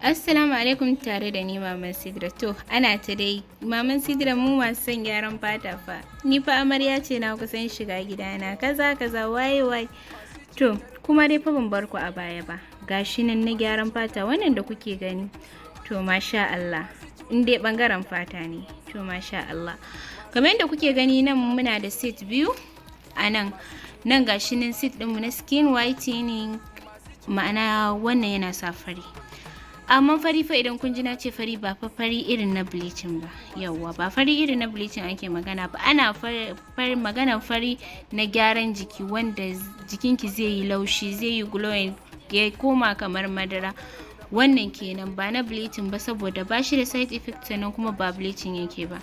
Assalamu alaikum tare da ni Maman Sidra. To, ana ta dai, Maman Sidra mu masu son gyaran fata fa. Ni fa amarya ce na kusan shiga gidana, kaza kaza waye waye. To, kuma dai fa ban bar ku a baya ba. Gashi nan na gyaran fata wannan da kuke gani. To, masha Allah. In dai bangaren fata ne. To, masha Allah. Kamar yadda kuke gani nan muna da seat biyu a nan. Nan gashi nan set ɗinmu na skin whitening ma'ana wannan yana sa fari. amma fari fa idan kun ji na ce fari ba fari irin na bleaching ba yawwa ba fari irin na bleaching ake magana ba ana fari magana fari na gyaran jiki wanda jikinki zai yi laushi zai yi glowing ya koma kamar madara wannan kenan ba na bleaching ba saboda ba shi da side effect sannan kuma ba bleaching yake ba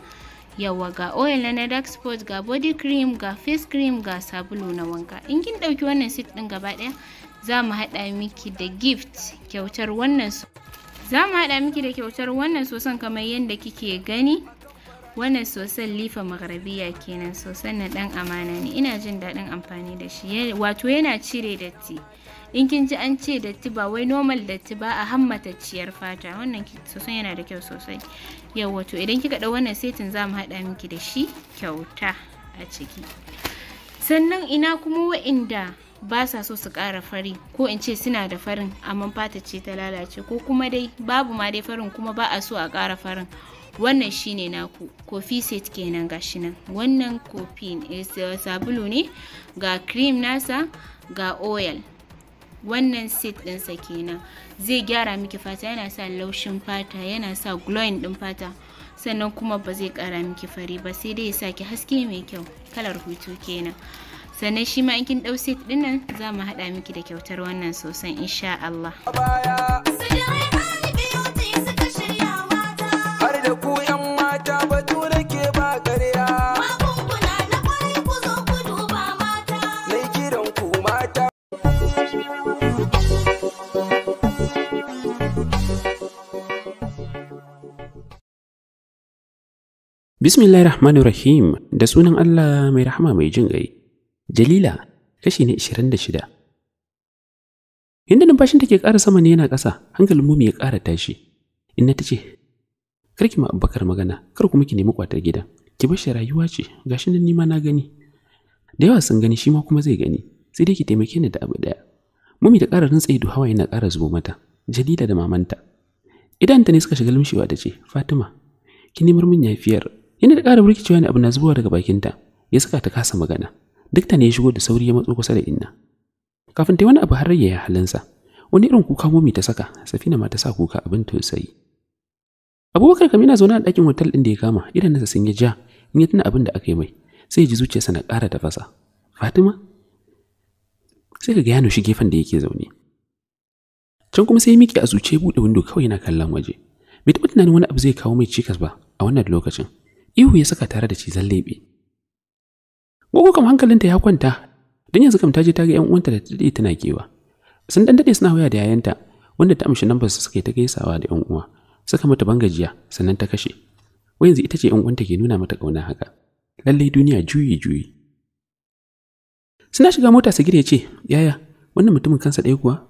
yawa ga oil na dark spot ga body cream ga face cream ga sabulu na wanka in kin ɗauki wannan set ɗin gaba ɗaya za mu haɗa miki da gift kyautar wannan za mu haɗa miki da kyautar wannan soson kamar yadda kike gani wannan soson lifa magharabiya kenan soson na ɗan amana ne ina jin daɗin amfani da shi wato yana cire datti in kin ji an ce datti ba wai normal datti ba a hammata ciyar fata wannan soson yana da kyau sosai yau wato idan kika ɗau wannan setin za mu haɗa miki da shi kyauta a ciki sannan ina kuma wa'inda ba sa so su ƙara fari ko in ce suna da farin amma fata ce ta lalace ko kuma dai babu ma dai farin kuma ba a so a ƙara farin wannan shine naku kofi set kenan gashi nan wannan kofi sabulu ne ga cream nasa ga oil wannan set ɗinsa kenan zai gyara miki fata yana sa laushin fata yana sa glowing ɗin fata sannan kuma ba zai ƙara miki fari ba sai dai ya ki haske mai kyau kalar hutu kenan sannan shi ma in kin dau set din nan za mu hada miki da kyautar wannan sosan insha Allah. Bismillahirrahmanirrahim da sunan Allah mai rahama mai jin gai. Jalila kashi ne 26. Yanda numfashin take ƙara sama ne yana ƙasa, hankalin mumi ya ƙara tashi. Inna ta ce, Kar ki ma Abubakar magana, kar kuma ki nemi kwatar gidan. Ki bar shi rayuwa ce, gashi nan nima na gani. Da yawa sun gani shi ma kuma zai gani, sai dai ki taimake ni da abu ɗaya. Mumi ta ƙara rantsa ido hawa yana ƙara zubo mata, Jalila da mamanta. idan ta ne suka shiga lumshewa ta ce, Fatima, ki nemar min yafiyar. Yana da ƙara burkicewa ne abu na zubowa daga bakinta, ya saka ta kasa magana. duk ta ne shigo da sauri ya matso kusa da inna kafin ta wani abu har ya halinsa wani irin kuka momi ta saka safina ma ta sa kuka abin tausayi abubakar kam yana zaune a ɗakin hotel ɗin da ya kama nasa sun yi ja in ya tuna abin da aka yi mai sai ya ji zuciyarsa na ƙara tafasa fatima sai ka ga ya nushi gefen da yake zaune can kuma sai ya miƙe a zuciya buɗe windo kawai yana kallon waje bai taɓa tunanin wani abu zai kawo mai cikas ba a wannan lokacin ihu ya saka tare da cizon leɓe Gogo kam hankalinta ya kwanta, dan yanzu kam ta je ta ga ‘yan uwanta da ta dade tana kewa. Sun dan dade suna waya da yayanta, wanda ta amshi lambar su suka ta gaisawa da ‘yan uwa. Suka mata bangajiya, sannan ta kashe. Wai yanzu ita ce ‘yan uwanta ke nuna mata kauna haka. Lallai duniya juyi juyi. Suna shiga mota su ya ce, Yaya, wannan mutumin kansa ɗaya kuwa?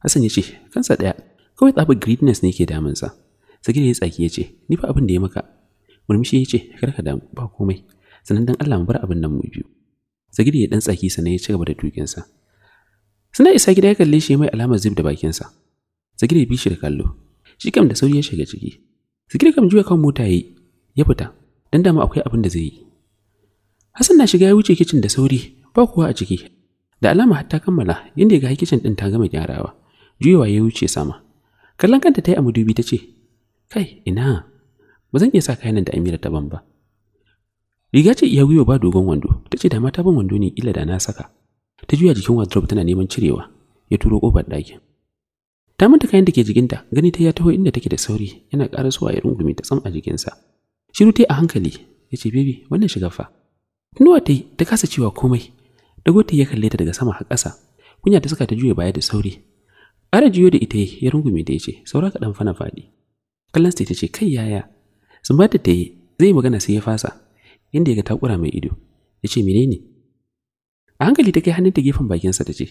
Hassan ya ce, Kansa ɗaya, kawai tsabar greatness ne ke damunsa. gire ya tsaki ya ce, Ni fa abin da ya maka. Murmushi ya ce, Kar ka damu, ba komai. sannan dan Allah mu bar abin nan mu biyu sagidi ya dan tsaki sannan ya ci gaba da sa suna isa gida ya kalle shi mai alamar zib da bakinsa sagidi ya bi shi da kallo shi kam da sauri ya shiga ciki sagidi kam juya kan mota yi ya fita dan dama akwai abin da zai yi hasan na shiga ya wuce kicin da sauri ba kuwa a ciki da alama har ta kammala inda ya ga kicin din ta gama gyarawa juyawa ya wuce sama kallon kanta ta yi a madubi ta ce kai ina ba zan iya sa kayan da amira ta ban ba Riga ce iya gwiwa ba dogon wando, ta ce da mata bin wando ne kila da na saka. Ta juya jikin wardrobe tana neman cirewa, ya turo kofar ɗakin. Ta manta kayan da ke jikinta, gani ta ya taho inda take da sauri, yana ƙara suwa ya rungume ta tsam a jikinsa. Shiru ta a hankali, ya ce bebi wannan shiga fa. tunuwa ta yi ta kasa cewa komai, dago ta ya kalle ta daga sama har ƙasa, kunya ta saka ta juya baya da sauri. Ƙara jiyo da ita ya rungumi ta ya ce, saura ka ɗan fana faɗi. Kallon ta ce, kai yaya, sun ba ta ta yi, zai magana sai ya fasa, inda ya ga takura mai ido ya ce menene a hankali ta kai hannunta gefen bakinsa ta ce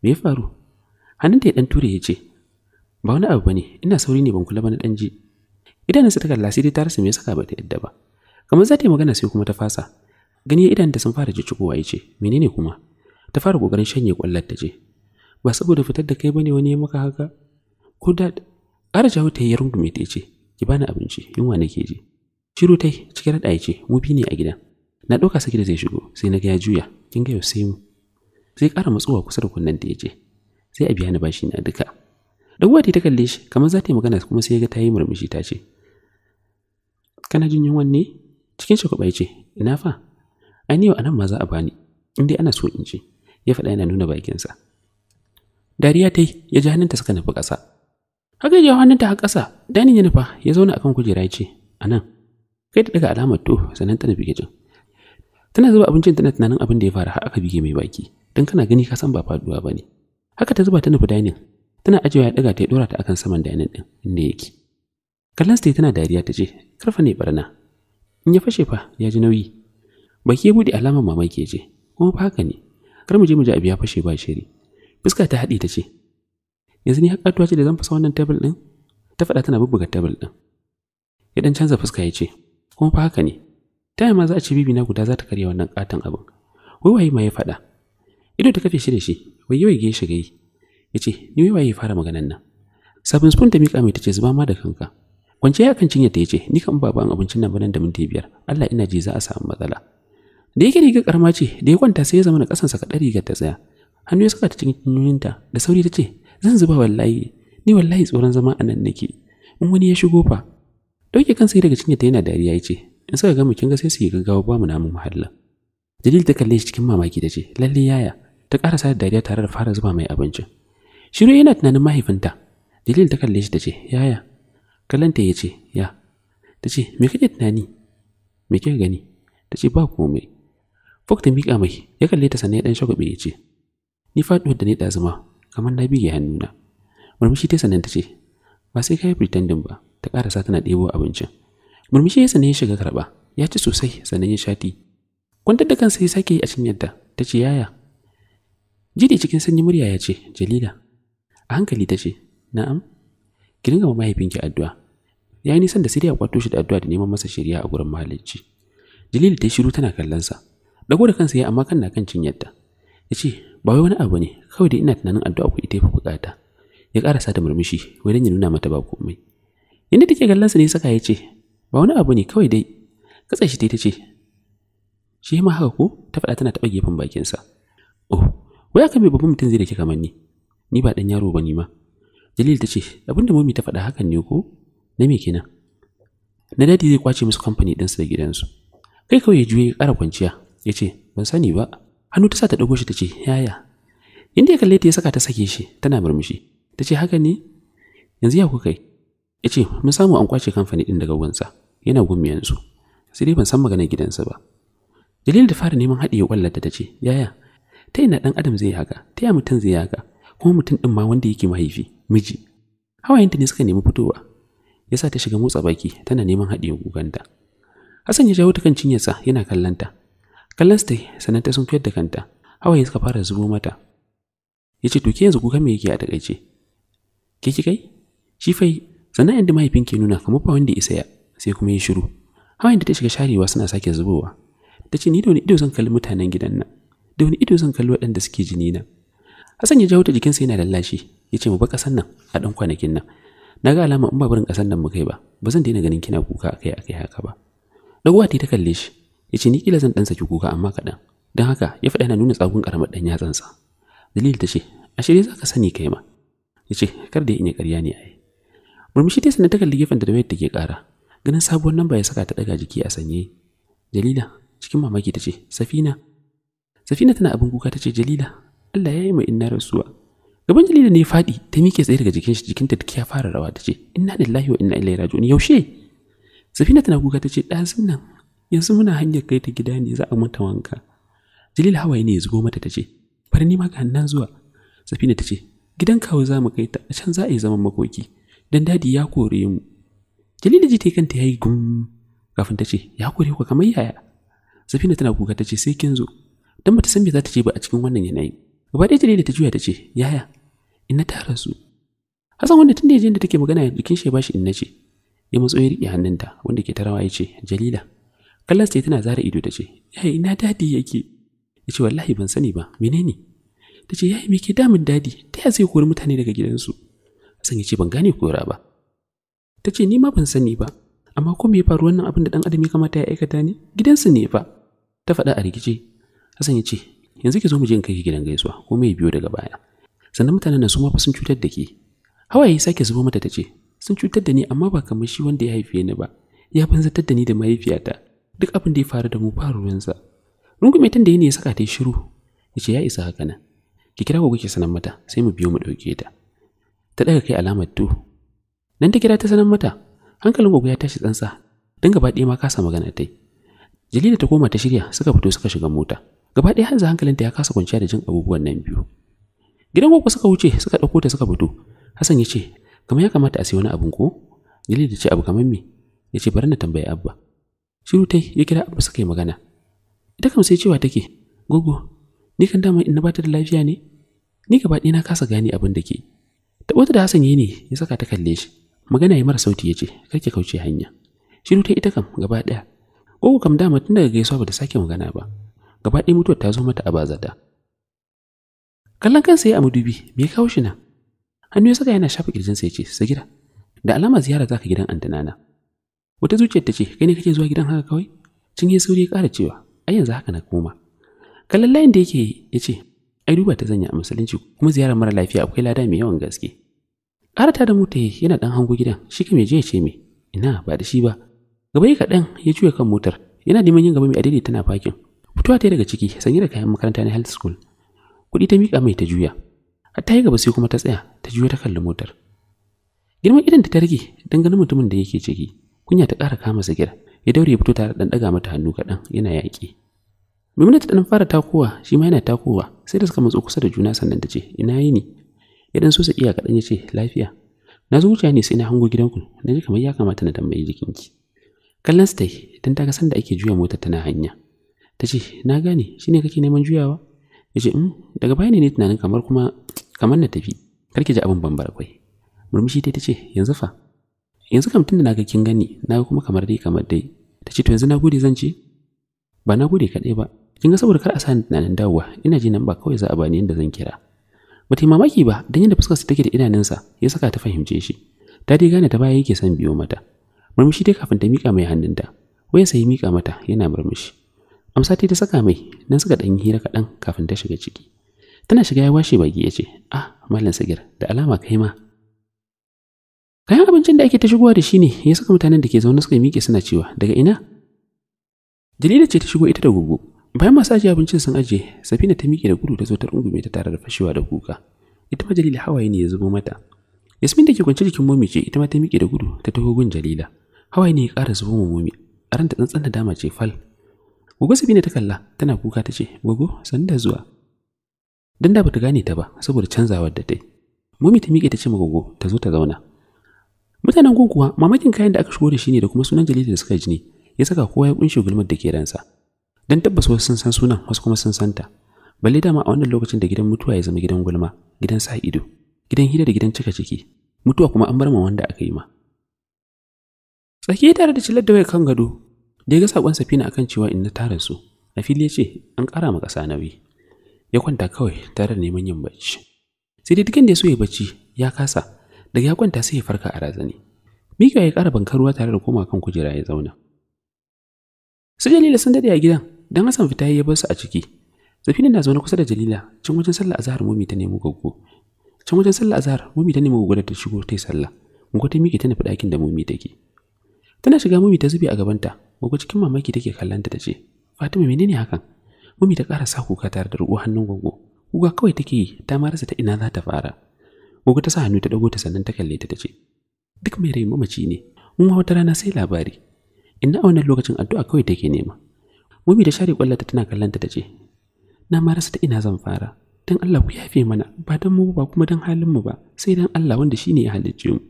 me ya faru hannunta ya dan ture ya ce ba wani abu bane ina sauri ne ban kula ba na dan ji idanunsa ta kalla sai dai ta rasa me ya saka ba ta yadda ba kamar za ta yi magana sai kuma ta fasa gani ya idanunta sun fara jijjigowa ya ce menene kuma ta fara kokarin shanye kwallar ta je ba saboda fitar da kai bane wani ya maka haka ko da ara jawo ta yi rungume ta ce ki bani abinci yunwa nake ji Shiru tai cike da ɗaice, mu bi ne a gidan. Na ɗauka saki da zai shigo, sai na ga ya juya, kin ga yau sai mu. Sai ƙara matsowa kusa da kunnen da ya je. Sai a biya ni bashi na duka. Dawuwa ta kalle shi, kamar za ta yi magana kuma sai ya ga ta yi murmushi ta ce. Kana jin yunwan ne? Cikin shi kuɓa ce, ina fa? Ai ni yau anan ma za a bani, in dai ana so in ce. Ya faɗa yana nuna bakinsa. Dariya ta yi, ya ji hannunta suka nufi ƙasa. Haka ya hannunta har ƙasa, danin ya nufa, ya zauna akan kujera ya ce, a nan, kai ta daga alamar to sannan tana bige jin tana zuba abincin tana tunanin abin da ya fara har aka bige mai baki dan kana gani ka san ba faduwa bane haka ta zuba ta nufi dining tana ajiyewa ya daga ta ya dora ta akan saman dining din inda yake kallon ta tana dariya ta ce karfa ne barna in ya fashe fa ya ji nauyi baki ya bude alamar mamaki ya ce kuma fa haka ne kar mu je mu ji abu ya fashe ba shiri fuska ta haɗe ta ce yanzu ni haƙatuwa ce da zan fasa wannan table ɗin ta faɗa tana bubbuga table ɗin ya ɗan canza fuska ya ce kuma fa haka ne ta yamma za a ce bibi na guda za ta karya wannan katon abin wai waye ma ya faɗa ido ta kafe shi da shi wai yawai ge shiga yi ya ce ni wai waye ya fara maganan nan sabin spoon ta miƙa mai ta ce zuba ma da kanka kwance ya kan cinye ta ya ce ni kan ba ban abincin nan banan da minti biyar Allah ina ji za a samu matsala da yake riga karma ce da ya kwanta sai ya zama na sa kaɗa rigar ta tsaya hannu ya saka ta cikin ta da sauri ta ce zan zuba wallahi ni wallahi tsoron zama a nan nake in wani ya shigo fa Dauke kansa daga cikin ta yana dariya ya ce, in suka gama kin ga sai su yi gaggawa ba mu namu muhallin. Jalil ta kalle shi cikin mamaki ta ce, lalle yaya, ta karasa da dariya tare da fara zuba mai abinci Shiru yana tunanin mahaifinta. Jalil ta kalle shi ta ce, yaya, kallanta ya ce, ya. Ta ce, me kake tunani? Me kika gani? Ta ce, ba komai. Fok ta miƙa mai, ya kalle ta sannan ya ɗan shagwabe ya ce, Ni faɗuwar da ni ɗazuma, kamar na bige hannuna. Murmushi ta sannan ta ce, Ba sai ka yi pretending ba, ta ƙarasa tana ɗebo abincin murmushi ya sanin ya shiga karɓa ya ci sosai sannan ya shati kwantar da kansa ya sake yi a cinyarta ta ce yaya jiri cikin sanyi murya ya ce jalila a hankali ta ce na'am ki dinga ma mahaifinki addu'a ya yi nisan da sai ya kwato shi da addu'a da neman masa shirya a gurin mahalicci jalila ta yi shiru tana kallon sa dago da kansa ya amma kan na kan cinyarta ya ce ba wai wani abu ne kawai da ina tunanin addu'a ku ita ya fi bukata ya karasa da murmushi wai dan ya nuna mata ba komai inda take gallansa sa ne saka ya ce ba wani abu ne kawai dai katsa shi ta ce shi ma haka ko ta faɗa tana taɓa gefen bakinsa oh wai aka mai babban mutum zai da ke kamar ni ni ba dan yaro ba ni ma jalil ta ce abinda mami ta faɗa hakan ne ko na me kenan na dadi zai kwace musu kamfani ɗinsu da gidansu kai kawai ya juye ƙara kwanciya ya ce ban sani ba hannu ta sa ta ɗago shi ta ce yaya inda ya kalle ta ya saka ta sake shi tana murmushi ta ce haka ne yanzu ya ku kai ya ce mun samu an kwace kamfani din daga gunsa yana gumi yanzu sai dai ban san maganar gidansa ba dalil da fara neman haɗiye ƙwallata ta ce yaya ta ina ɗan adam zai haka ta ya mutum zai haka kuma mutum ɗin ma wanda yake mahaifi miji hawayenta ne suka nemi fitowa ya sa ta shiga motsa baki tana neman haɗiye kukanta hassan ya jawo ta kan cinyarsa yana kallanta kallon ta sannan ta sun fiyar da kanta hawaye suka fara zubo mata ya ce to ke yanzu kuka me yake a takaice ke ki kai shi fai sannan yadda mahaifin ke nuna kamar fa wanda ya saya sai kuma ya shiru hawayen da ta shiga sharewa suna sake zubowa ta ce ni da wani ido zan kalli mutanen gidan nan da wani ido zan kalli waɗanda suke jini na Hassan ya jawo ta jikinsa yana lallashi ya ce mu ba ƙasan nan a ɗan kwanakin nan na ga alama in ba barin ƙasar nan mu kai ba ba zan daina ganin kina kuka akai akai haka ba ɗaguwa ta ta kalle shi ya ce ni kila zan ɗan saki kuka amma kaɗan don haka ya faɗa yana nuna tsagun ƙaramar ɗan yatsansa dalil ta ce a shirye za ka sani kai ma ya ce kar da ya yi ƙarya ne a yi murmushi ta sanar takalli gefen da dawayar take ƙara ganin sabuwar namba ya saka ta daga jiki a sanye jalila cikin mamaki ta ce safina safina tana abin kuka ta ce jalila allah ya yi mu inna rasuwa gaban jalila ne faɗi ta mike tsaye daga jikin shi jikinta da ya fara rawa ta ce inna lillahi wa inna ilaihi raji'un yaushe safina tana kuka ta ce ɗazun nan yanzu muna hanyar kai ta gida ne za a mata wanka jalila hawaye ne ya zubo mata ta ce bari ni ma ga nan zuwa safina ta ce gidan kawo za mu kai ta can za a yi zaman makoki Dan dadi ya kore mu jalila ji ta kanta yayi yi gum kafin ta ce ya kore ku kamar yaya safina tana kuka ta ce sai kin zo dan bata san me za ta ce ba a cikin wannan yanayi gaba da jalila ta juya ta ce yaya ina ta rasu Hassan wanda tun da yaje da take magana jikin shi ya bashi inna ce ya matso ya riƙe hannunta wanda ke tarawa ya ce jalila kallon sai tana zara ido ta ce Yaya ina dadi yake ya ce wallahi ban sani ba menene ta ce yayi me ke damun dadi ta ya zai kori mutane daga gidansu Hassan ya ce ban gane kora ba. Ta ce ni ma ban sani ba, amma ko me ya faru wannan abin da dan adam ya kamata ya aikata ne? Gidansu ne fa. Ta faɗa a rikice. Hassan ya ce yanzu ki zo mu je in kai ki gidan gaisuwa ko me biyo daga baya. Sannan mutanen nan su ma fa sun cutar da ke. Hawaye sake zubo mata ta ce sun cutar da ni amma ba kamar shi wanda ya haife ni ba. Ya banzatar da ni da mahaifiyata. Duk abin da ya faru da mu ruwan sa. Rungume tun da ya ne ya saka ta yi shiru. Ya ya isa haka nan. Ki kira gobe ki sanar mata sai mu biyo mu ɗauke ta. ta daga kai alamar tu nan ta kira ta sanar mata hankalin gogo ya tashi tsantsa don gaba ɗaya ma kasa magana ta yi. jalila ta koma ta shirya suka fito suka shiga mota gaba ɗaya hanzu hankalinta ya kasa kwanciya da jin abubuwan nan biyu gidan gogo suka wuce suka ɗauko ta suka fito hassan ya ce kamar ya kamata a sayi wani abin ko jalila ce abu kamar me ya ce bari na tambayi abba shiru yi ya kira abba suka yi magana ita kam sai cewa take gogo ni kan dama in na bata da lafiya ne ni gaba ɗaya na kasa gane abin da ke wata da Hassan ya ne ya saka ta kalle shi. Magana ya mara sauti ya ce, kar kauce hanya. Shiru ta ita kam gaba ɗaya. Gogo kam dama tun daga gaisuwa ba ta sake magana ba. Gaba ɗaya mutuwar ta zo mata a bazata. Kallon kansa ya a madubi, me ya kawo shi nan? Hannu ya saka yana shafa kirjinsa ya ce, Sagira, da alama ziyara zaka ka gidan antanana. Wata zuciyar ta ce, kai ne kake zuwa gidan haka kawai? Cin ya sauri ya kara cewa, a yanzu haka na koma. Kallon layin da yake ya ce, ai duba ta zanya a musulunci kuma ziyarar mara lafiya akwai lada mai yawan gaske ƙarata da mota yana dan hango gidan shi ka mai je ya ce me ina ba da shi ba gaba yi kaɗan ya juya kan motar yana neman yin gaba mai adadi tana fakin fitowa ta daga ciki sanye da kayan makaranta na health school kuɗi ta miƙa mai ta juya hatta yi gaba sai kuma ta tsaya ta juya ta kalli motar girman idan ta rage don ganin mutumin da yake ciki kunya ta ƙara kama sigir ya daure ya fito tare da ɗaga mata hannu kaɗan yana yaƙi domin ta ɗan fara takowa shi ma yana takowa sai da suka matso kusa da juna sannan ta ce ina yi ne ya so iya kaɗan ya ce lafiya na zo wuce ne sai na hango gidanku na ji kamar ya kamata na tambayi jikinki kallon su ta yi don ta ga sanda ake juya motar tana hanya ta ce na gane shi ne kake neman juyawa ya ce mm, daga baya ne ne tunanin kamar kuma kamar na tafi karki ji abin bambar kwai murmushi ta ce yanzu fa yanzu kam tun da na ga kin gani na kuma kamar dai kamar dai ta ce to yanzu na gode zan ce ba na gode kaɗai ba kin ga saboda kar a sani tunanin dawowa ina ji nan ba kawai za a bani yadda zan kira ba ta mamaki ba don yadda fuskar take da idanunsa ya saka ta fahimce shi ta dai gane ta baya yake son biyo mata murmushi dai kafin ta mika mai hannunta sa sai mika mata yana murmushi amsa ta ta saka mai nan suka dan hira kaɗan kafin ta shiga ciki tana shiga ya washe baki ya ce ah mallam sagir da alama kai ma kayan abincin da ake ta shigowa da shi ne ya saka mutanen da ke zaune suka miƙe suna cewa daga ina Jalila ce ta shigo ita da gugu bayan masu ajiye abincin sun ajiye safina ta miƙe da gudu ta zo ta rungume ta tare da fashewa da kuka ita ma jalila hawaye ne ya zubo mata yasmin da ke kwance jikin momi ce ita ma ta miƙe da gudu ta taho gun jalila hawaye ne ya ƙara zubo ma momi a ranta tsantsan da dama ce fal gogo safina ta kalla tana kuka ta ce gogo san da zuwa dan da bata gane ta ba saboda canzawar da ta yi momi ta miƙe ta ce ma gogo ta zo ta zauna mutanen gun kuwa mamakin kayan da aka shigo da shi ne da kuma sunan jalila da suka ji ne ya saka kowa ya kunshe gulmar da ke ransa don tabbas wasu sun san sunan wasu kuma sun santa balle dama a wannan lokacin da gidan mutuwa ya zama gidan gulma gidan sa ido gidan hira da gidan cika ciki mutuwa kuma an bar ma wanda aka yi ma tsaki tare da cilar da wai kan gado da ya ga sakon safina akan cewa in na tara su a fili ya ce an kara ma ƙasa nauyi ya kwanta kawai tare da neman yin bacci sai dai dukan da ya so ya bacci ya kasa daga ya kwanta sai ya farka a razani mikiwa ya kara bankaruwa tare da koma kan kujera ya zauna su jalila sun daɗe a gidan don hassan fita ya bar su a ciki zafina na zaune kusa da jalila can wajen sallah azhar mumi ta nemo gaggo can wajen sallah azhar mumi ta nemo gaggo da ta shigo ta yi sallah gaggo ta miƙe ta nufi ɗakin da mumi take tana shiga mumi ta zube a gabanta gaggo cikin mamaki take kallanta ta ce fatima menene hakan mumi ta ƙara sa kuka tare da ruwa hannun gaggo kuka kawai take yi ta ma rasa ta ina za ta fara gaggo ta sa hannu ta ɗago ta sannan ta kalle ta ta ce duk mai rai mamaci ne mun wata rana sai labari inda a wannan lokacin addu'a kawai take nema mummy da share kwallata tana kallanta ta ce na ma rasa ta ina zan fara dan Allah ku yafe mana ba dan mu ba kuma dan halin mu ba sai dan Allah wanda shine ya halicce mu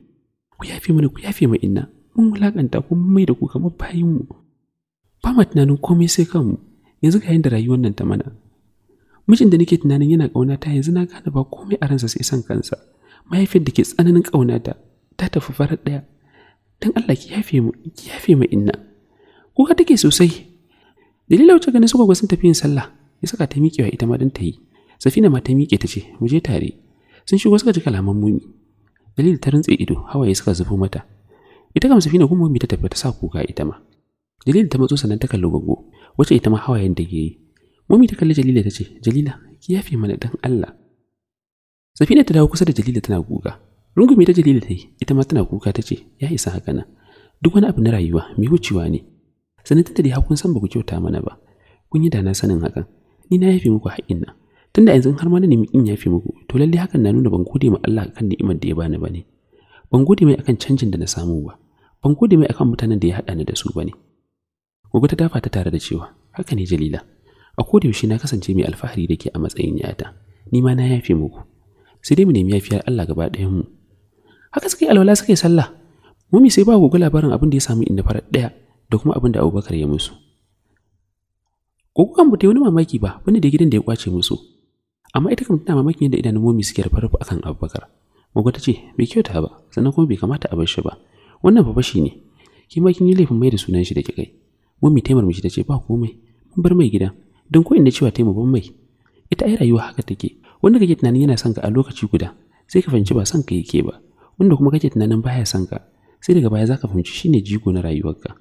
ku yafe mana ku yafe mu inna mun wulakanta ku mai da ku kamar bayin mu ba ma tunanin komai sai kanmu yanzu ga da rayuwar nan ta mana mijin da nake tunanin yana ta yanzu na gane ba komai a ransa sai san kansa mahaifiyar da ke tsananin ƙaunata ta tafi farar ɗaya Dan Allah ki yafe mu ki yafe mu inna kuka take sosai dalila wacce gani suka gwasin tafiyin yin sallah ya saka ta miƙewa ita ma dan ta yi safina ma ta miƙe ta ce mu je tare sun shigo suka ji kalaman mumi dalil ta rintse ido hawaye suka zubo mata ita kam safina kuma mumi ta tafi ta sa kuka ita ma dalil ta matso sannan ta kalli gogo wacce ita ma hawayen da ke yi mumi ta kalli jalila ta ce jalila ki yafe mana dan Allah safina ta dawo kusa da jalila tana guga rungumi ta jalila ta yi ita ma tana kuka ta ce ya isa haka nan duk wani abu na rayuwa mai wucewa ne sanin tattali dai kun san ba ku kyauta mana ba kun yi da na sanin hakan ni na yafe muku haƙƙin nan tunda yanzu har ma na nemi in yafe muku to lalle hakan na nuna ban gode ma Allah kan ni'imar da ya bani bane ban gode mai akan canjin da na samu ba ban gode mai akan mutanen da ya haɗa ni da su ba ne gobe ta dafa ta tare da cewa haka ne Jalila a koda shi na kasance mai alfahari da ke a matsayin yata ni ma na yafe muku sai dai mu nemi yafiyar Allah gaba ɗayan mu haka suka yi alwala suka yi sallah mummy sai ba gogo labarin abin da ya samu inda farar ɗaya da kuma abin da abubakar ya musu gogo kan yi wani mamaki ba wani da gidan da ya kwace musu amma ita kan tana mamakin yadda idanun mummy suke rufe akan abubakar gogo ta ce bai kyauta ba sannan kuma bai kamata a bar shi ba wannan fa shi ne ki ma kin yi laifin mai da sunan shi da kai mummy taimar mishi ta ce ba komai mun bar mai gida don ko inda cewa taimar ban mai ita ai rayuwa haka take wanda kake tunanin yana son ka a lokaci guda sai ka fahimci ba son ka yake ba wanda kuma kake tunanin baya son ka sai daga baya zaka fahimci shine jigo na rayuwarka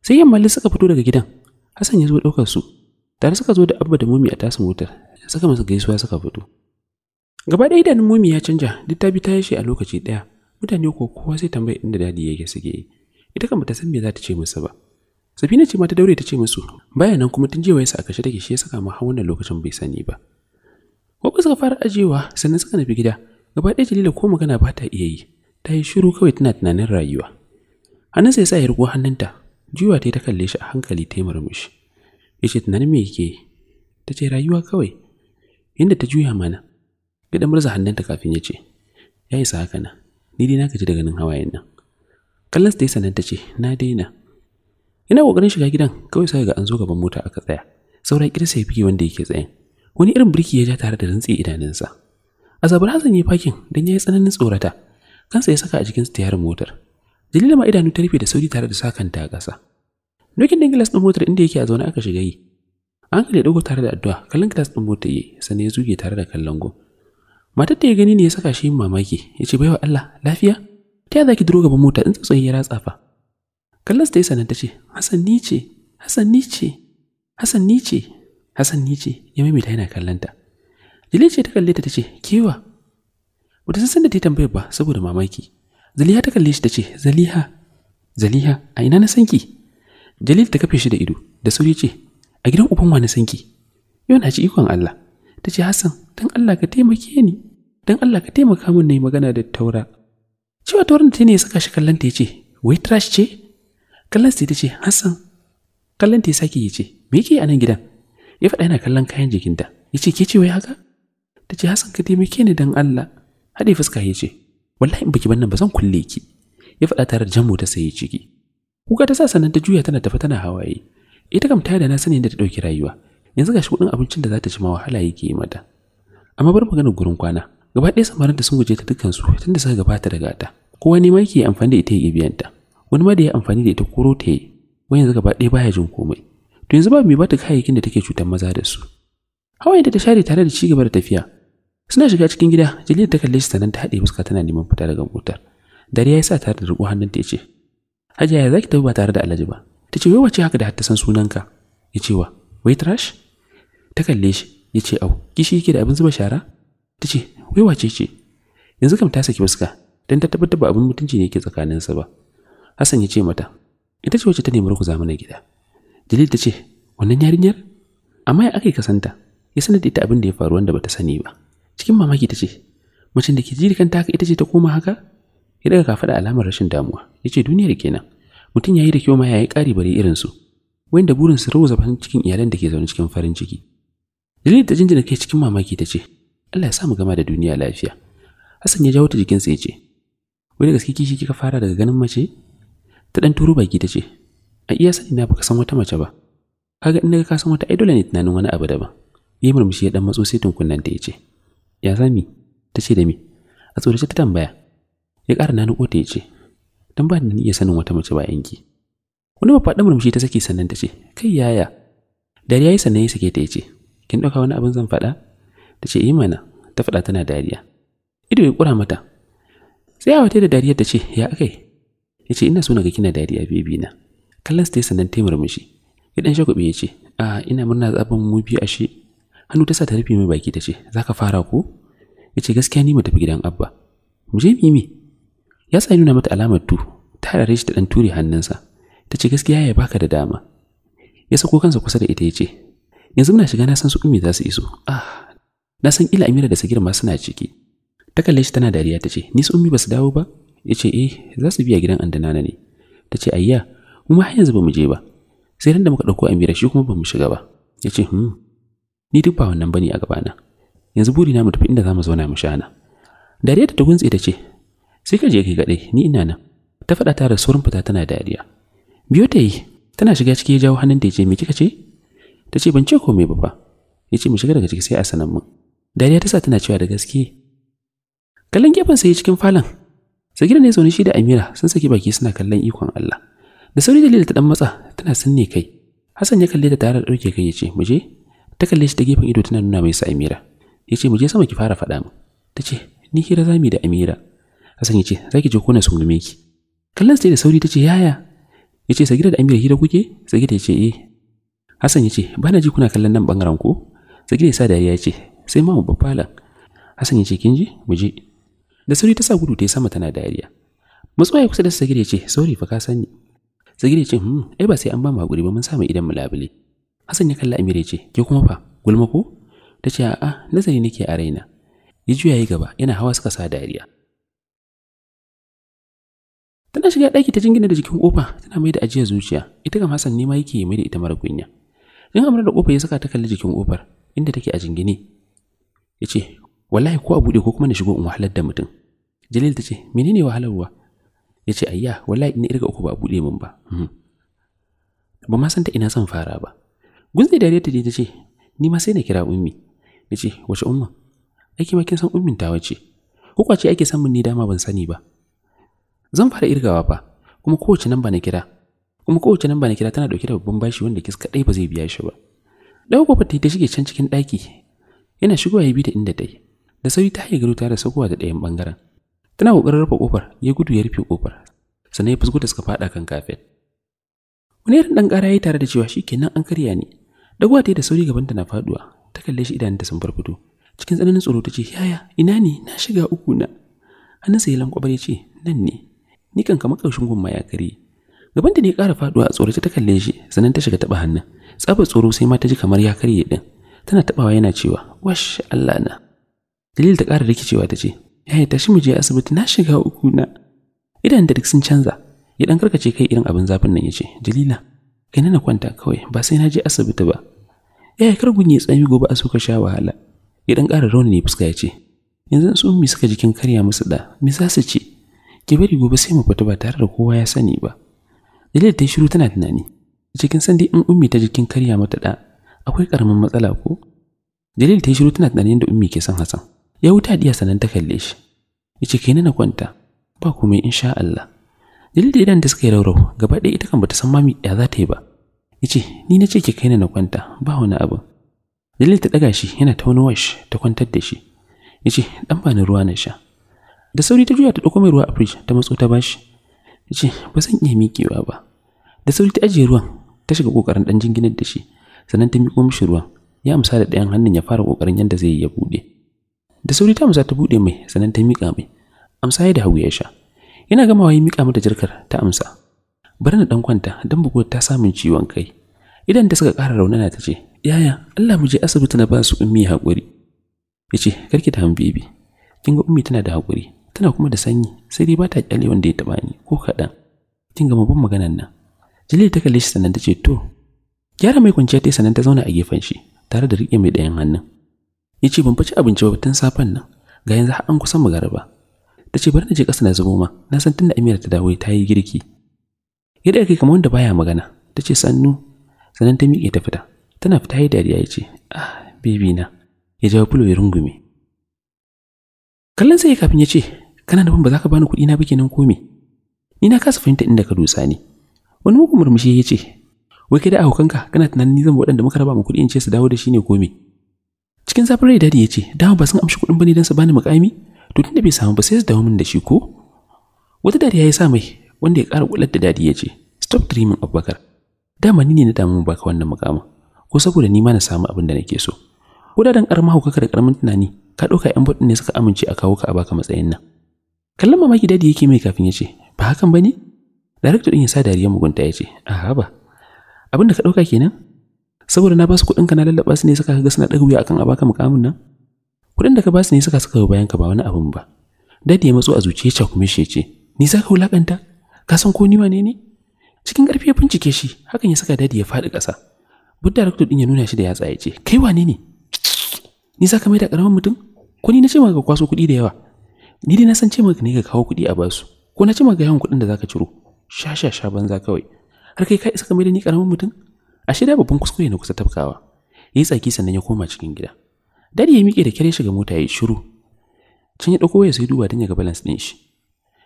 sai yamma suka fito daga gidan Hassan ya zo daukar su tare suka zo da Abba da Mumi a tasu motar suka masa gaisuwa suka fito gaba ɗaya idanun Mumi ya canja duk ta bi ta yashe a lokaci ɗaya mutane ko kowa sai tambaye inda dadi yake suke yi ita kan bata san me za ta ce musu ba Safina ce ma ta daure ta ce musu bayan nan kuma tun je wayarsa a kashe take shi ya saka ma har wannan lokacin bai sani ba Ko suka fara ajiyewa sannan suka nufi gida gaba ɗaya jalila ko magana ba ta iya yi ta yi shiru kawai tana tunanin rayuwa hannunsa ya sa ya rigo hannunta juwa ta ta kalle shi a hankali ta yi murmushi ya ce tunanin me yake yi ta ce rayuwa kawai Yadda ta juya mana ya ɗan murza hannunta kafin ya ce ya isa haka na ni dai na gaji da ganin hawayen nan kallonsa ta yi sannan ce na daina ina kokarin shiga gidan kawai sai ga an zo gaban mota aka tsaya saura kirsa ya fige wanda yake tsayin wani irin birki ya ja tare da rantsi idanunsa a zabar Hassan ya fakin don ya yi tsananin tsorata kansa ya saka a jikin tiyarin motar Jalila ma idanu ta rufe da sauri tare da sakanta a ƙasa dokin din gilas ɗin motar inda yake a zaune aka shiga yi hankali ya ɗauko tare da addu'a kallon gilas ɗin motar yi sannan ya zuge tare da kallon go matar da ya gani ne ya saka shi mamaki ya ce baiwa Allah lafiya ta yaya ki duro gaban mota in tsotsayi ya ratsa fa kallon ta yi sanan ta ce Hassan ni ce Hassan ni ce Hassan ni ce Hassan ni ce ya maimaita yana kallon ta Jalila ce ta kalle ta tace, "Kewa." Bata san sanda ta tambayar ba saboda mamaki. Zaliha ta kalle shi tace, "Zaliha, Zaliha, a ina na sanki?" Jalil ta kafe shi da ido, da sauri ce, "A gidan uban wa na sanki?" Yau na ci ikon Allah. Ta ce, "Hassan, dan Allah ka taimake ni. Dan Allah ka taimaka min nayi magana da Taura." Cewa Taurin ta ne ya saka shi kallon ta yace, "Wai trash ce?" Kallon sai ta ce, "Hassan." Kallon ta ya sake yace, "Me yake a nan gidan?" Ya faɗa yana kallon kayan jikinta. Yace, "Ke ce wai haka?" ta ce Hassan ka taimake ni dan Allah hade fuska ya ce wallahi in baki bannan ba zan kulle ki ya faɗa tare da jambo ta sayi ciki kuka ta sa sannan ta juya tana tafi tana hawaye ita kam ta da na sanin inda ta ɗauki rayuwa yanzu gashi kudin abincin da za ta ci ma wahala yake yi mata amma bar magana gurin kwana gaba ɗaya samarin sun guje ta dukkan su tunda suka gabata daga ta kowa ne ma yake amfani da ita ya biyan ta wani ma da ya amfani da ita koro ta yi wani yanzu gaba ɗaya baya jin komai to yanzu ba mai bata kayayyakin da take cutar maza da su hawaye da ta share tare da ci gaba da tafiya suna shiga cikin gida jalil ta kalle shi sannan ta haɗe fuska tana neman fita daga motar dare ya sa tare da riƙo hannunta ya ce hajiya ya zaki tafi ba tare da alhaji ba ta ce wai wace haka da hatta san sunanka ya ce wa wai trash ta kalle shi ya ce au kishi yake da abin zuba shara ta ce wai wace ce yanzu kam ta saki fuska don ta tabbatar ba abin mutunci ne yake tsakaninsa ba Hassan ya ce mata ita ce wacce ta nemi rukuza mana gida Jalil ta ce wannan yarinyar amma ya aka yi kasanta ya sanar da ita abin da ya faru wanda bata sani ba cikin mamaki ta ce da ke ji kanta haka ita ce ta koma haka ya daga kafaɗa alamar rashin damuwa ya ce duniyar kenan mutum ya yi da kyau ma ya yi ƙari bare irinsu da burin su rawa zaban cikin iyalan da ke zaune cikin farin ciki Jalil ta jinjina kai cikin mamaki ta ce Allah ya sa mu gama da duniya lafiya Hassan ya jawo ta jikinsa ya ce Wani gaske kishi kika fara daga ganin mace ta dan turo baki ta ce a iya sani na baka san wata mace ba kaga in naga ka san wata ai dole ne tunanin wani abu daban ya murmushi ya dan matso sai tunkunnan ta yace ya zami ta ce da mi a tsorace ta tambaya ya ƙara nanu ta yace dan ba ni iya sanin wata mace bayan yanki. wani ba faɗin murmushi ta saki sannan ta ce kai yaya dariya yi sannan ya sake ta yace kin ɗauka wani abin zan faɗa ta ce yi eh mana ta faɗa tana dariya ido ya kura mata sai tsayawa ta da dariyar ta ce ya akai ya ce ina so na ga kina dariya bebi na kallon ta sannan ta murmushi ya dan shagwabe ya ce a ina murna zaɓin mu biyu ashe hannu ta sa ta rufe mai baki ta ce za ka fara ko ya ce gaskiya ni mu tafi gidan abba mu je mimi ya sa nuna mata alamar tu ta rare shi da dan ture hannunsa ta ce gaskiya ya baka da dama ya sako kansa kusa da ita ya ce yanzu muna shiga na san su ummi za su iso ah na san ila amira da sagir ma suna ciki ta kalle shi tana dariya ta ce ni su ummi ba su dawo ba ya ce eh za su biya gidan andanana ne ta ce ayya mu har yanzu ba mu je ba sai ran da muka ɗauko amira shi kuma ba mu shiga ba ya ce hmm ni duk ba wannan bane a gaba na. yanzu buri na mu tafi inda zamu zauna mu shana dariya ta tugunsi ta ce sai ka je kai ni ina nan ta faɗa ta da saurin fita tana dariya biyo ta yi tana shiga ciki ya jawo hannun da ya ce me kika ce ta ce ban ce ko me ba fa ya ce mu shiga daga ciki sai a sanan mu dariya ta sa tana cewa da gaske kallon gefen sai cikin falon sagira ne zaune shi da amira sun saki baki suna kallon ikon Allah da sauri dalila ta dan matsa tana sanne kai Hassan ya kalle ta tare da dauke kai ya ce mu je ta kalle shi ta gefen ido tana nuna mai sa Amira ya ce mu je sama ki fara faɗa mu ta ce ni hira za mu da Amira Hassan ya ce za ki je kona sungume ki kallon sai da sauri ta ce yaya ya ce Sagira da Amira hira kuke Sagira ya ce eh Hassan ya ce ba na ji kuna kallon nan bangaren ko Sagira ya sa dariya ya ce sai ma mu babbala Hassan ya ce kin ji mu je da sauri ta sa gudu ta yi sama tana dariya matsuwa ya kusa da Sagira ya ce sauri fa ka sani Sagira ya ce hmm ai ba sai an ba mu haƙuri ba mun sa mu idan mu labule Hassan ya kalli Amira ya ce, "Ke kuma fa, gulma ko?" Ta ce, "A'a, nazari nake a raina." Ya juya yi gaba, yana hawa suka sa dariya. Tana shiga ɗaki ta jingina da jikin ƙofa, tana mai da ajiyar zuciya. Ita kam Hassan ne ma yake mai da ita mara kunya. Dan Amira da ƙofa ya saka ta kalli jikin ƙofar, inda take a jingine. Ya ce, "Wallahi ko a buɗe ko kuma na shigo in wahalar da mutum." Jalil ta ce, "Menene wahalarwa?" Ya ce, "Ayya, wallahi ina irga uku ba a buɗe min ba." Mhm. Ba ma san ta ina son fara ba. Gunzi da ta ta ce, Ni ma sai na kira ummi. Na ce, Wace umma? Aiki makin san ummin ta wace. hukwace ake samun ni dama ban sani ba. Zan fara irgawa fa, kuma kowace ba na kira. Kuma kowace ba na kira tana dauke da babban bashi wanda kis kadai ba zai biya shi ba. Dawo kofar ta shige can cikin daki. Yana shigowa ya bi ta inda ta yi. Da sauri ta haye garo ta da saukowa da ɗayan bangaren. tana kokarin rufe kofar ya gudu ya rufe kofar sannan ya fusgo ta suka fada kan kafet wani irin dan kara yayi tare da cewa shikenan an karya ne Dagwa ta yi da sauri gaban ta na faduwa, ta kalle shi ta sun farfito. Cikin tsananin tsoro ta ce, "Yaya, ina ne? Na shiga uku na." sa ya kwabar ya ce, "Nan ne." Ni kan kamar ƙarshen gumma ya kare. Gabanta ne ya ƙara faduwa a tsorace ta kalle shi, sannan ta shiga taɓa hannun. Tsabar tsoro sai ma ta ji kamar ya karye din. Tana taɓawa yana cewa, "Wash Allah na." Dalil ta ƙara rikicewa ta ce, "Yaya, tashi mu je asibiti, na shiga uku na." Idan da duk sun canza, ya ɗan karkace kai irin abin zafin nan ya ce, "Jalila, ina na kwanta kawai ba sai na je asibiti ba eh kar gunye tsami gobe a suka sha wahala ya dan ƙara rauni ne fuska ya ce yanzu su mi suka jikin karya musu da me za su ce ki bari gobe sai mu fita ba tare da kowa ya sani ba dalil ta shiru tana tunani cikin san dai in ummi ta jikin karya mata da akwai karamin matsala ko dalil ta shiru tana tunanin da ummi ke son hasan. ya wuta diya sanan ta kalle shi yace kai na kwanta ba komai insha Allah Dil da idan da suka yi raurau gaba ɗaya ita kan bata san mami ya za ta yi ba. Ya ce ni na ce ki kai ni na kwanta ba wani abin. Dalil ta ɗaga shi yana ta wani wash ta kwantar da shi. Ya ce ɗan ba ni ruwa na sha. Da sauri ta juya ta ɗauko mai ruwa a fridge ta matso ta bashi. Ya ce ba zan iya miƙewa ba. Da sauri ta ajiye ruwan ta shiga ƙoƙarin ɗan jinginar da shi sannan ta miƙo mishi ruwan. Ya amsa da ɗayan hannun ya fara ƙoƙarin yadda zai yi ya buɗe. Da sauri ta amsa ta buɗe mai sannan ta miƙa mai. Amsa ya da hagu ya sha. Yana gamawa ya mika mata jirkar ta amsa. Bari na ɗan kwanta don bugu ta samun ciwon kai. Idan ta suka ƙara raunana ta ce, Yaya, Allah mu je asibiti na ba su ummi haƙuri. Ya ce, Karki ta bibi. Kin ga ummi tana da haƙuri, tana kuma da sanyi, sai dai ba ta ƙyale wanda ya taɓa ni ko kaɗan. Kin ga mabin maganan nan. Jalil ta kalle shi sannan ta ce, To, gyara mai kwanciya ta sannan ta zauna a gefen shi, tare da riƙe mai dayan hannun. yace Ban faci abinci ba tun safen nan, ga yanzu har an kusa magaraba. ta ce bari na je ƙasa na zubo ma na san tunda Amira ta dawo ta yi girki ya kai kamar wanda baya magana ta ce sannu sannan ta miƙe ta fita tana fita ya dariya ya ce ah bibi na ya jawo fulo ya rungume kallon sai kafin ya ce kana ban ba za ka bani kuɗi na ba kenan komi ni na kasa fahimta inda ka dusa ni wani muku murmushi ya ce wai kai da abokanka kana tunanin ni zan waɗanda muka raba mu kuɗi in ce su dawo da shi ne komi cikin zafin rai dadi ya ce dama ba sun amshi kuɗin bane don su bani mukami to tunda bai samu ba sai su dawo min da shi ko wata dariya ya sa mai wanda ya ƙara kular da dadi ya ce stop dreaming abubakar dama ni ne na damu ka wannan mukama. ko saboda ni ma na samu abin da nake so ko da dan karma hauka da karamin tunani ka ɗauka yan bot ne suka amince a kawo ka a baka matsayin nan kallon mamaki dadi yake mai kafin ya ce ba hakan ba ne director din ya sa dariya mugunta ya ce a haba abin da ka ɗauka kenan saboda na ba su kuɗin ka na lallaɓa su ne suka ga suna ɗaga wuya akan a baka mukamin nan kuɗin da ka basu ne suka saka bayan ka ba wani abin ba dadi ya matso a zuciya kuma shi ce ni za ka wulakanta ka san ko ni wane ne cikin karfi ya bincike shi hakan ya saka dadi ya faɗi kasa budda director din ya nuna shi da yatsa ya ce kai wane ne ni za ka mai da ƙaramin mutum ko ni na ce maka ka kwaso kuɗi da yawa ni dai na san ce maka ne ka kawo kuɗi a basu ko na ce maka yawan kuɗin da za ciro sha sha sha banza kawai har kai ka isa ka mai ni ƙaramin mutum ashe da babban kuskure na kusa tafkawa ya yi tsaki sannan ya koma cikin gida Dadi ya miƙe da kyar ya shiga mota ya shiru. Can ya dauko waya sai duba dan ya ga balance din shi.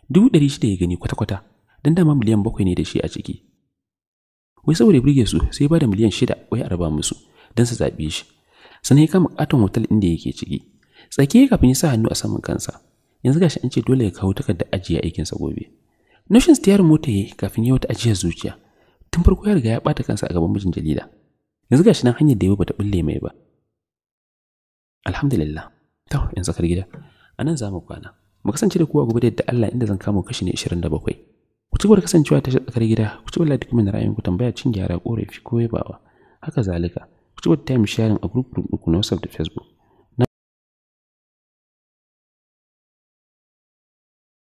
Dubu ɗari shida ya gani kwata-kwata, dan dama miliyan bakwai ne da shi a ciki. Wai saboda burge su sai ya bada miliyan shida wai a raba musu don su zaɓe shi. Sannan ya kama katon hotel da yake ciki. Tsaki kafin ya sa hannu a saman kansa. Yanzu gashi an ce dole ya kawo takardar ajiye aikinsa gobe. Notion tiyarin mota ya kafin ya wata ajiyar zuciya. Tun farko ya riga ya ɓata kansa a gaban mijin jarida. yanzu gashi nan hanyar da ya bata bulle mai ba alhamdulillah to yanzu tsakar gida a nan za mu kwana mu kasance da kowa gobe da yadda Allah inda zan kamo kashi ne 27 ku ci gaba kasancewa ta tsakar gida ku ci wallahi duk kuma ra'ayin ku tambaya cin gyara korafi ko yabawa haka zalika ku ci gaba time sharing a group group ku na WhatsApp da Facebook